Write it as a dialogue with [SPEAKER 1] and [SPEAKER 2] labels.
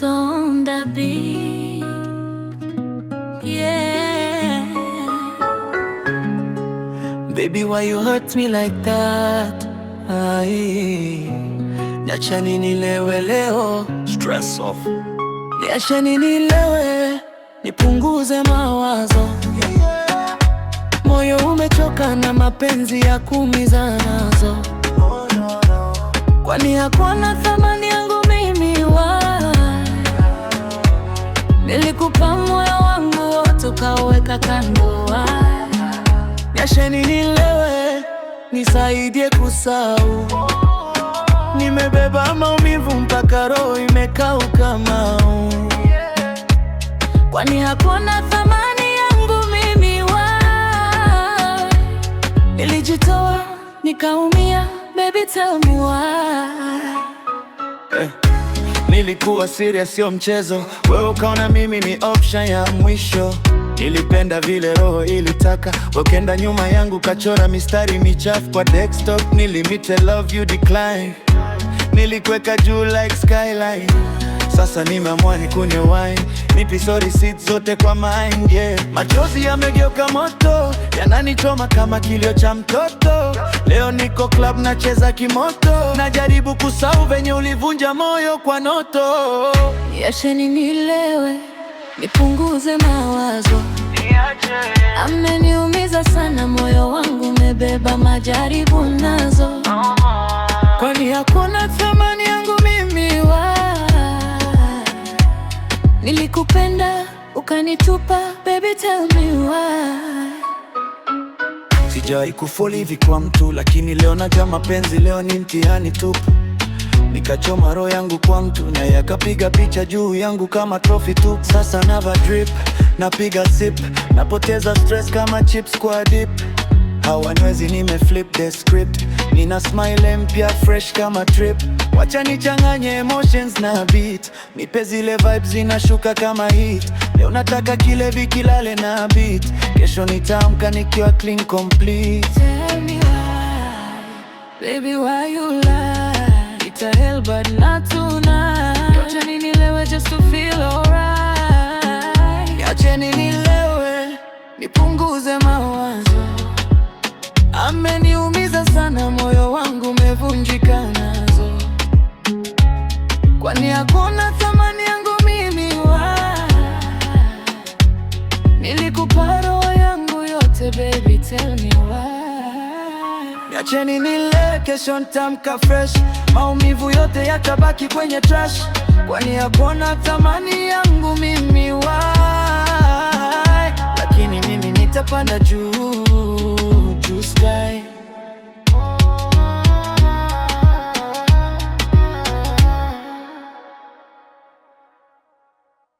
[SPEAKER 1] comes on Baby, why you hurt me like that? Ai. Niacha ninilewe leo,
[SPEAKER 2] stress off.
[SPEAKER 1] Niacha ninilewe, eh? nipunguze mawazo. Moyo umechoka na mapenzi ya kuumizanazo. Kwani hakuna thamani Nilikupa moyo wangu wote ukaweka kando. Niacheni nilewe, nisaidie kusahau. Nimebeba maumivu mpaka roho imekauka mau, kwani hakuna thamani yangu mimi wa nilijitoa nikaumia, baby tell me why
[SPEAKER 2] Nilikuwa siria sio mchezo. Wewe ukaona mimi ni option ya mwisho. Nilipenda vile roho ilitaka, wakenda nyuma yangu, kachora mistari michafu kwa desktop. Nilimite love you decline, nilikweka juu like skyline sasa nimeamua nikunywe wine, nipi sorry seeds zote kwa mind yeah. Machozi yamegeuka moto, yananichoma kama kilio cha mtoto. Leo niko club nacheza kimoto, najaribu kusahau venye ulivunja moyo kwa noto.
[SPEAKER 1] Niacheni nilewe, nipunguze mawazo, ameniumiza sana, moyo wangu umebeba majaribu nazo, kwani hakuna thamani Nilikupenda ukanitupa, baby tell me why.
[SPEAKER 2] Sijai kufoli hivi kwa mtu, lakini leo najua mapenzi leo ni mtihani tu. Nikachoma roho yangu kwa mtu, na yakapiga picha juu yangu kama trophy tu. Sasa nava drip, napiga sip, napoteza stress kama chips kwa dip hawaniwezi, nimeflip the script, nina smile mpya fresh kama trip. Wacha nichanganye emotions na beat, nipe zile vibes zinashuka kama hit. Leo nataka kilevi kilale na beat, kesho nitaamka nikiwa clean complete.
[SPEAKER 1] Tell me why, baby why you lie? It's a hell but not tonight. Wacha lewe just to feel alright. Wacha ninilewe nipunguze mawazo tell me why.
[SPEAKER 2] Niacheni nile, kesho nitamka fresh, maumivu yote yatabaki kwenye trash, kwani hakuna thamani yangu mimi why, lakini mimi nitapanda juu